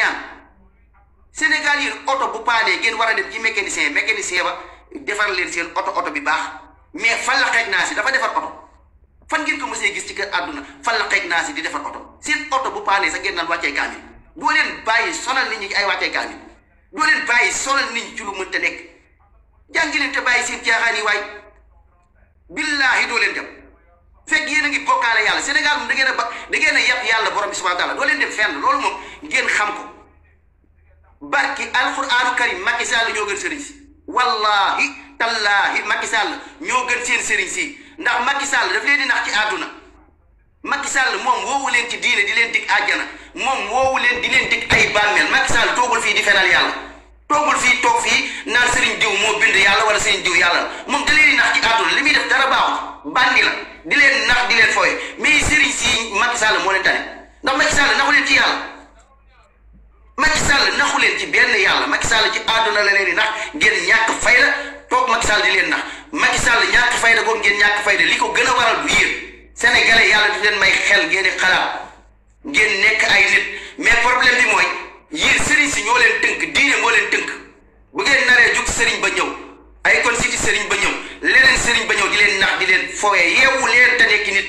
client Sénégal yi oto bu paanee ngeen war a dem ci mécanicien mécanicien ba defar leen seen oto oto bi baax mais fan la xeej naa si dafa defar oto fan ngeen ko mësee gis ci kër àdduna fan la xeej naa si di defar oto seen oto bu paanee sax ngeen naan wàccee kaamil doo leen bàyyi sonal nit ñi ci ay wàccee kaamil doo leen bàyyi sonal nit ñi ci lu nekk jàngi te bàyyi seen jaaxaan billaahi doo leen dem fekk yéen a ngi bokkaale yàlla Sénégal moom da ngeen ba da a yàpp yàlla borom bi subhanahu wa taala doo leen dem fenn loolu moom ngeen xam ko barki alquranu karim Macky Sall ñoo gën sëriñ si wallahi tallaahi Macky Sall ñoo gën seen sëriñ si ndax Macky Sall daf leen nax ci àdduna Macky Sall moom woowu leen ci diine di leen dig àjjana moom woowu leen di ko ngeen ñàkk fayda li ko gën a waral du yéen sénégalais yàlla du leen may xel ngeen di xalaat ngeen nekk ay nit mais problème bi mooy yéen sëriñ si ñoo leen tënk diine moo leen tënk bu ngeen naree jug sëriñ ba ñëw ay kon sëriñ ba ñëw leneen sëriñ ba ñëw di leen nax di leen fowee yeewu leen te nekki nit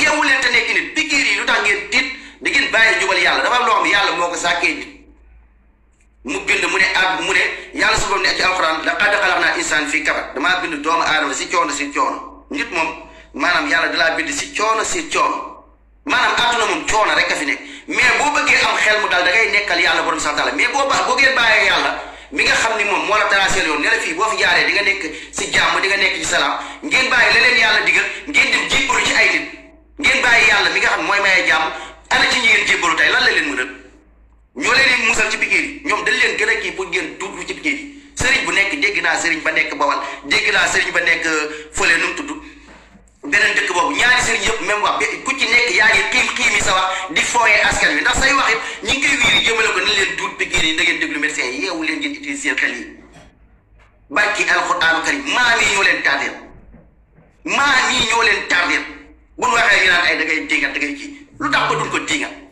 yeewu leen te nekki nit pikiir yi lu tax ngeen tiit da ngeen bàyyi jubal yàlla dafa loo xam yàlla moo ko sàkkee nit mu bind mu ne ak mu ne yàlla su borom ne ci alxuraan laqad xalaqnaa insaan fii kabat damaa bind doomu aadama si coono si coono nit moom maanaam yàlla dalaa bind si coono si coono maanaam àdduna moom coono rek a fi nekk mais boo bëggee am xel mu daal da nekkal yàlla borom sax dala mais boo baax boo ngeen bàyyee yàlla mi nga xam ni moom moo la tracé yoon ne la nga nekk di nga nekk ci salaam ngeen bàyyi leneen nga xam mooy mayee jàmm ana ci ñi ngeen jébbalu tey lan la leen mënal ñoo leen di musal ci pikiir ñoom dañ leen gën a kii pour ngeen dugg ci pikiir sëriñ bu nekk dégg naa sëriñ ba nekk Bawal dégg naa sëriñ ba nekk euh, fële nu mu tudd beneen dëkk boobu ñaari sëriñ yëpp même wax ku ci nekk yaa ngi xiim xiim yi sa di fooyee askan wi ndax say wax ñi ngi koy wiiri jëmale ko nañ leen duut pikiir yi da ngeen déglu médecin yi yeewu leen ngeen utiliser seen xel yi barki alxuraanu karim maa nii ñoo leen tardeel maa nii ñoo leen tardeel waxee ñu naan ay da ngay dingat da kii lu tax ba duñ ko dingat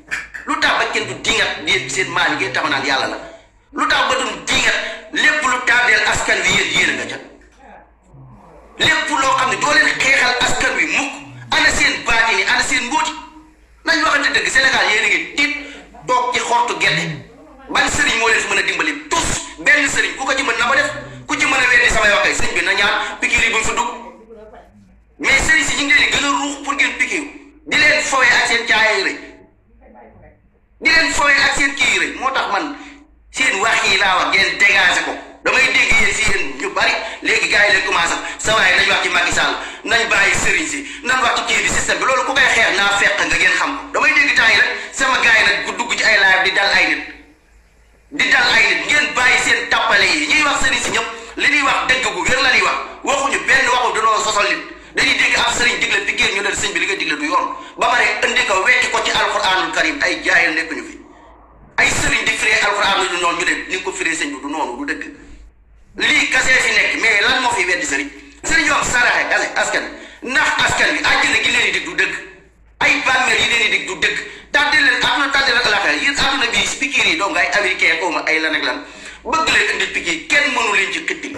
lu tax ba kenn du diingat yéen seen maam yi ngeen tax naan yàlla la lu tax ba duñ diingat lépp lu tardeel askan wi yéen yéen nga ca lépp loo xam ne doo leen xeexal askan wi mukk ana seen baati ni ana seen mbóoti nañ waxante dëgg Sénégal yéen a ngi tiit toog ci xortu gerte ban sëriñ moo leen fi mën a dimbali laa wax ngeen dégager ko damay dégg yéen si yéen ñu bari léegi gaa yi leen commencé sa waay nañ wax ci Macky Sall nañ bàyyi sëriñ si nañ wax ci kii bi système bi loolu ku koy xeex naa fekk nga ngeen xam ko damay dégg temps yi nag sama gars yi nag ku dugg ci ay live di daal ay nit di dal ay nit ngeen bàyyi seen tàppale yi ñuy wax sëriñ si ñëpp li ñuy wax dëgg gu wér la ñuy wax waxuñu benn waxu danoo sosol nit dañuy dégg ab sëriñ digle piggéen ñu leen sëñ bi li nga digle du yoon ba pare indi ko wekki ko ci alquranul karim ay jaayal nekkuñu fi ay sëriñ di firee alxuraan lu noonu ñu dem ni nga ko firee sëñ bi du noonu du dëgg lii kasee fi nekk mais lan moo fi weddi sëriñ sëriñ yoo saraxe kase askan ndax askan bi àjjana gi leen di ay bàmmeel yi di du dëgg tàdde la laaxira yéen àdduna bi pikiir yi donc ay américain xaw ma ay lan ak lan bëgg leen indi pikiir kenn mënu leen ci xëtti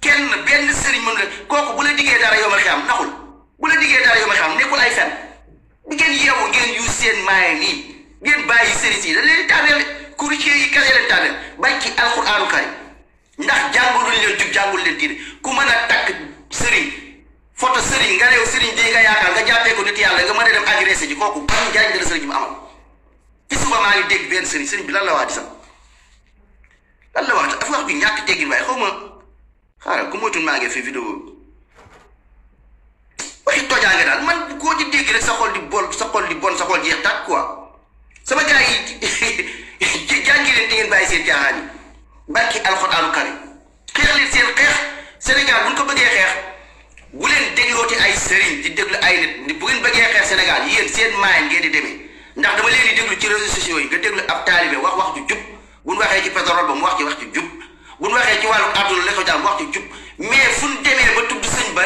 kenn benn la diggee dara yomal naxul bu la diggee dara yomal xam nekkul ay fen bu ngeen yeewu ngeen yu nii ngeen bàyyi sëriñ si dañ leen di tànneel courtier yi kese leen tànneel bàyyi ci alxuraanu karim ndax jàngul leen jub jàngul leen diine ku mën a takk sëriñ photo sëriñ nga réew sëriñ bii nga yaakaar nga jàppee ko nit yàlla nga mën a dem agressé ji kooku ban njariñ dana sëriñ bi amal ci suba maa ngi dégg benn sëriñ sëriñ bi lan la wax di sax lan la wax dafa wax bi ñàkk teggin waaye xaw ma xaaral ku moytuwul maa ngi fi vidéo bi waxi tojaange daal man koo xol di bon sa xol di bon sa xol jeex sama gars yi jàngi leen di ngeen bàyyi seen jaaxaan yi barki alxuraanu karim xeex leen seen xeex Sénégal bu ñu ko bëggee xeex bu leen déglooti ay sëriñ di déglu ay nit bu ngeen bëggee xeex Sénégal yéen seen maay ngeen di demee ndax dama leen di déglu ci réseaux sociaux yi nga déglu ab taalibe wax wax jub bu ñu waxee ci pétrole ba mu wax ci wax ju jub bu ñu waxee ci wàllu àdduna la wax ju jub mais fu ñu demee ba tudd sëñ ba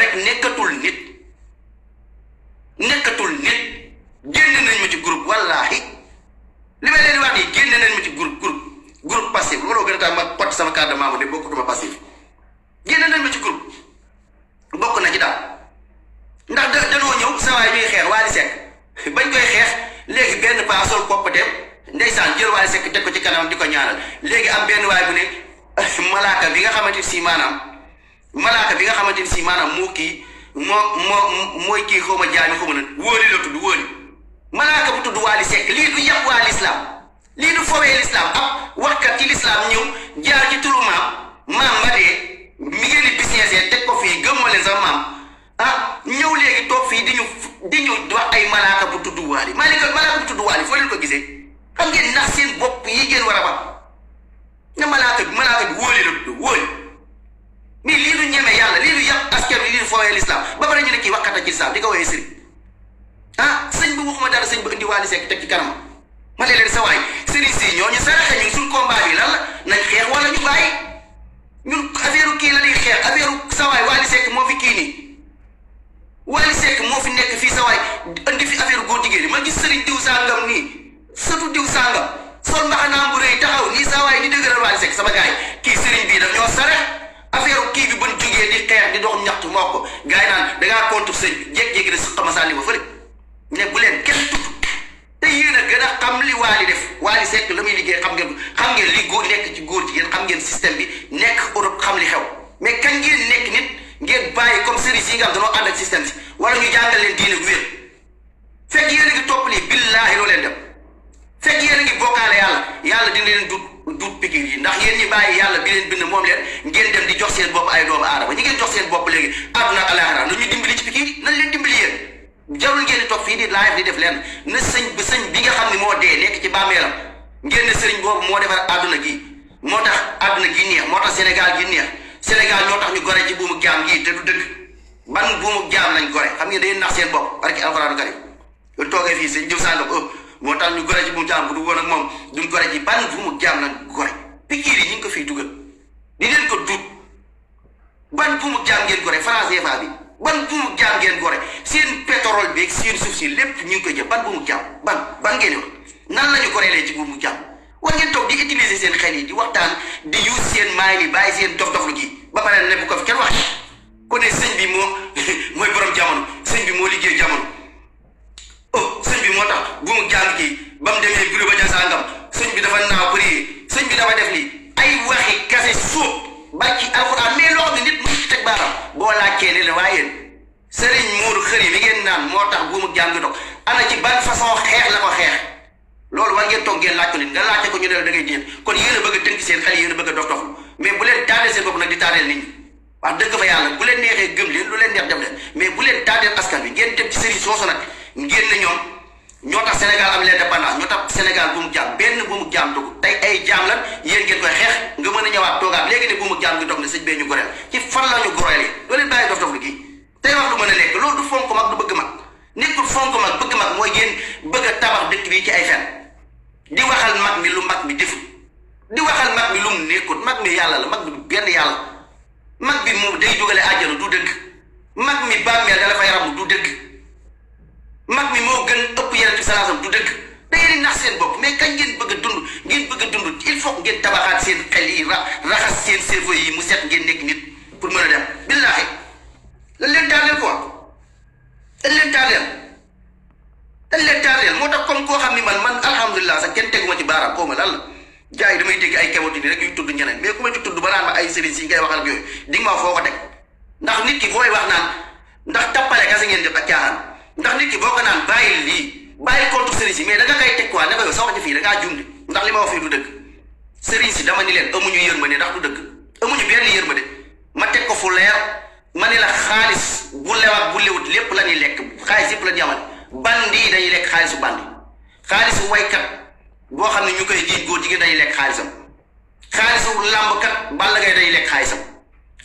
rek maanaam malaaka bi nga xamante ni si maanaam moo kii moo moo mooy kii xaw ma jaami xaw ma nan wóoli la tudd wóoli malaaka bu tudd waali ñëw jaar ci turu di business teg ko fii ah malaaka bu tudd waali malika malaaka bu ko gisee xam ngeen ndax seen bopp yi war a ba nga malaaka bi malaaka bi wóoli ni li du ñëmé yalla li du yapp askar li lii du fowee ba bari ñu ne ki ci di ko sëriñ ah sëñ bu waxuma dara sëñ bu indi wali sék tek ci kanam ma ne leen sa way sëriñ si ñu saraxe ñu sun combat bi lan la nañ xeex wala ñu bàyyi ñun affaire ki la lay xeex affaire sa way wali sék mo fi ki ni wali sék mo fi nekk fi sa way indi fi affaire goor jigéen ma gis sëriñ diw diw sangam sol mbaxana bu taxaw ni sa way di dëgëral wali sék sama gaay ki sëriñ bi daf ñoo sarax affaire kii bi buñ jógee di di dox ñaxtu moo ko gars yi naan da ngaa contre sëñ bi jékki-jékki ne suqama sànni ma fële ne bu leen kenn tudd te yéen a gën a xam li waali la muy liggéey xam ngeen xam ngeen li góor nekk ci góor xam ngeen système bi nekk Europe xam li xew mais kañ ngeen nekk nit ngeen bàyyi comme service yi nga xam dañoo ànd ak système si wala ñu jàngal leen diine gu wér fekk yéen a topp lii billaahi loo leen dem fekk yéen a ngi bokkaale dina leen dudd duut pikiir yi ndax yéen ñi bàyyi yàlla bi leen bind moom leen ngeen dem di jox seen bopp ay doomu aadama ñi ngeen jox seen bopp léegi àdduna ak alaxira nañu dimbali ci pikiir yi nañ leen leen na sëñ bi sëñ xam ne moo ci bàmmeelam ngeen ne sëriñ boobu moo defar gi moo tax àdduna gi neex moo tax Sénégal gi neex Sénégal ñoo tax ñu gore ci buumu jaam gii te du dëgg ban buumu jaam lañ gore xam ngeen day nax seen bopp parce que alxuraanu karim toogee fii sëñ jëw sànn ko moo tax ñu gore ji bu mu jaam bu du woon ak moom duñ gore ji ban bu mu jaam nañ gore pikiir ñu ngi ko fiy dugal di leen ko duut ban bu mu jaam ngeen gore franc CFA bi ban bu mu jaam ngeen gore seen pétrole beeg seen si lépp ñu ngi koy jël ban bu mu ban ban ngeen wax nan lañu ñu gorelee ci bu mu jaam war ngeen toog di utiliser seen xel yi di waxtaan di ju seen maay yi bàyyi seen dof-doflu gi ba pare ne bu ko fi kenn wax ko ne sëñ bi moom. bëggee laaj ko nit nga laajte ko ñu ne la da ngay jéem kon yéen a bëgg a tënk seen xel yéen a bëgg a dof dof mais bu leen taadee seen bopp nag di taadeel nit ñi wax dëgg fa yàlla bu leen neexee gëm leen lu leen neex def leen mais bu leen taadeel askan bi ngeen dem ci sëriñ soosu nag ngeen ne ñoom ñoo tax Sénégal am l'indépendance ñoo tax Sénégal bu mu jaam benn bu mu jaam dugg tey ay jaam lan yéen ngeen koy xeex nga mën a ñëwaat toogaat léegi ne bu mu jaam gi dox ne sëñ bee ñu goreel ci fan la ñu goreel yi doo leen bàyyi dof dof lu gi tey wax du mën a lekk loolu du fonk mag du bëgg mag nekkul fonk mag bëgg mag mooy ngeen bëgg a tabax dëkk bi ci ay fen di waxal mag mi lu mag mi defut di waxal mag mi lu mu nekkut mag mi yàlla la mag mi benn yàlla mag bi moom day dugale àjjana du dëgg mag mi bàmmeel da dafay ramu du dëgg mag mi moo gën ëpp yeneen salaasam du dëkk te ngeen nax seen bopp mais kañ ngeen bëgg a dund ngeen bëgg a dund il faut ngeen tabaxaat seen xel yi ra raxas seen cerveau yi mu set ngeen nekk nit pour mën a dem billaahi lan leen taaleel quoi lan leen taaleel dañ leen jaar leen moo tax comme man man alhamdullilah sa kenn teguma ci baram ko ma lan jaay gars yi damay dégg ay kebo dini rek yu tuddu ñeneen mais kuma ci tuddu ba naan ma ay serigne ci ngay waxal ak yooyu di nga ma foo ko ndax nit ki boy wax naan ndax tapale kase ngeen def ak caaxaan ndax nit ki boko naan bayil li bayil ko tuddu serigne mais da nga kay tek quoi ne ko yow sa wax ci fii da nga jumdi ndax lima wax fi du deug serigne ci dama ni leen amuñu yeurma yërmande ndax du deug amuñu ben yeurma de ma tek ko fu leer manila khalis bu lewat bu lewut lepp la lek lekk xaalis yépp la amal bandi yi dañuy lekk xaalisu bandi xaalisu woykat boo xam ne ñu koy jiiñ góor jigéen dañuy lekk xaalisam xaalisu làmbkat Balla Gaye dañuy lekk xaalisam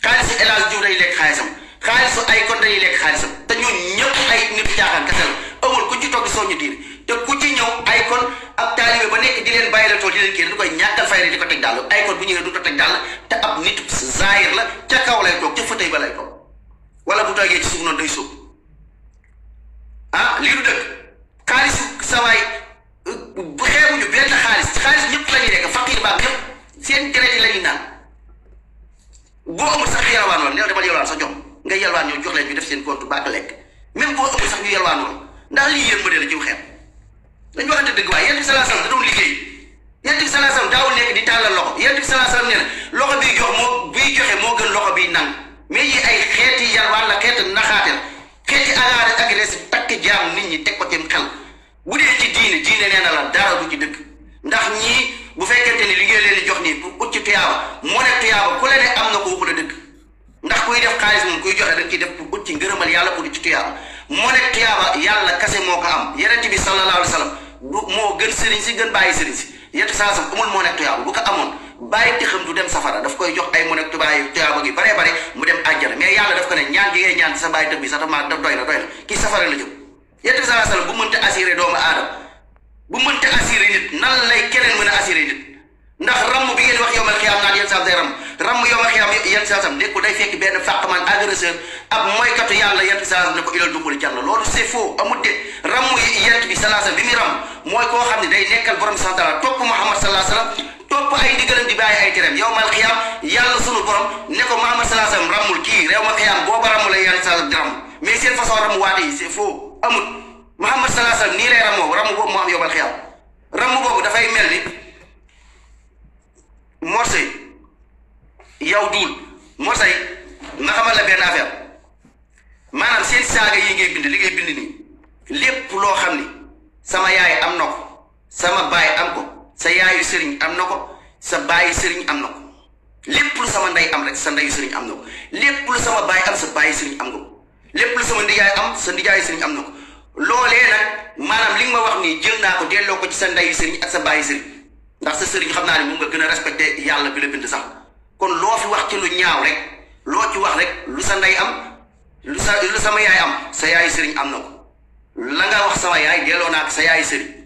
xaalisu El Hadj dañuy lekk xaalisam xaalisu ay kon dañuy lekk xaalisam te ñun ñëpp ay nit jaaxal kese la amul ku ci toog di soññu diir te ku ci ñëw ay kon ab taalibe ba nekk di leen bàyyi la tool di leen kii di koy ñàkkal fay rek di ko teg dàll ay kon bu ñëwee du ko teg dàll te ab nit zaahir la ca kaw lay toog ca fauteuil ba lay toog wala bu toogee ci day sóob. ah lii du dëkk xaalisu sawaay bu xeebuñu benn xaalis xaalis ñëpp la nekk faqiir baag ñëpp seen deret yi la ñuy naan boo amul sax yalwaan woon ne dama yalwaan sax jox nga def seen compte baag lekk même boo amul sax ñu yalwaan woon ndax lii yéen ma dee la jiw xeet dañu waxante dëgg waaye yéen bi doon liggéey yéen bi daawul nekk di tàllal loxo yéen bi salaa loxo biy jox moo biy joxe moo gën loxo biy nang mais yi ay xeeti yalwaan la xeeti naxaate xeeti agaare agressé takk jaam nit ñi teg ko tem xel bu dee ci diine diine nee la dara du ci dëkk ndax ñii bu fekkente ni li ngeen leen di jox nii pour ut ci tuyaaba moo ne tuyaaba na ko waxu dëkk ndax kuy def xaalis moom kuy joxe dañ def pour ut ci ngërëmal yàlla pour ci moo ne tuyaaba yàlla kase moo ko am yonent bi sallallahu alayhi wa sallam moo gën sëriñ si gën bàyyi sëriñ si yettu saa sam amul moo ne tuyaaba bu ko amoon bàyyi di xam du dem safara daf koy jox ay mu nekk ay tuyaaba gi bare bare mu dem àjjana mais yàlla def ko ne ñaan gi ngay ñaan sa bàyyi dëkk bi sax ma daf doy na doy na kii safara la jëm yonent bi bu mënta assuré doomu aadama bu mënta assuré nit nan lay keneen mën a assuré nit ndax ramm bi ngeen wax yomal xiyaam naan yéen saam day ramm ramm yomal xiyaam yéen saasam day fekk benn fàqman agresseur ab mooykatu yàlla yent bi salaasa bi mooy koo xam ne day nekkal borom bi santala topp Muhammad salaa sallam topp ay digalam di bàyyi ay tereem yomal xiyaam yàlla ko Muhammad salaa sallam rammul kii réew ma xiyaam booba ramm la yent saasam di ramm mais seen façon ramm waate yi c'est faux amut Muhammad salaa sallam nii lay rammoo ramm boobu mu am yomal xiyaam yaw duul moo say nga xamal la benn affaire maanaam seen saaga yi ngay bind li lépp loo xam ne sama yaay am na ko sama baay am ko sa yaayu sëriñ am na ko sa baayu sëriñ am na ko lépp lu sama am rek sa ndeyu am na ko lépp lu sama baay sa baayu sëriñ am nga ko lépp lu sama ndijaay am am na ko loolee nag maanaam li ma wax nii jël naa ko delloo ko ci sa ndeyu sëriñ ak sa baayu sëriñ ndax sa sëriñ xam naa ne moom nga gën a respecté yàlla bi la bind sax kon loo fi wax ci lu ñaaw rek loo ci wax rek lu sa ndey am lu sa sama yaay am sa yaay sëriñ am na ko la nga wax sama yaay delloo naa ak sa yaay sëriñ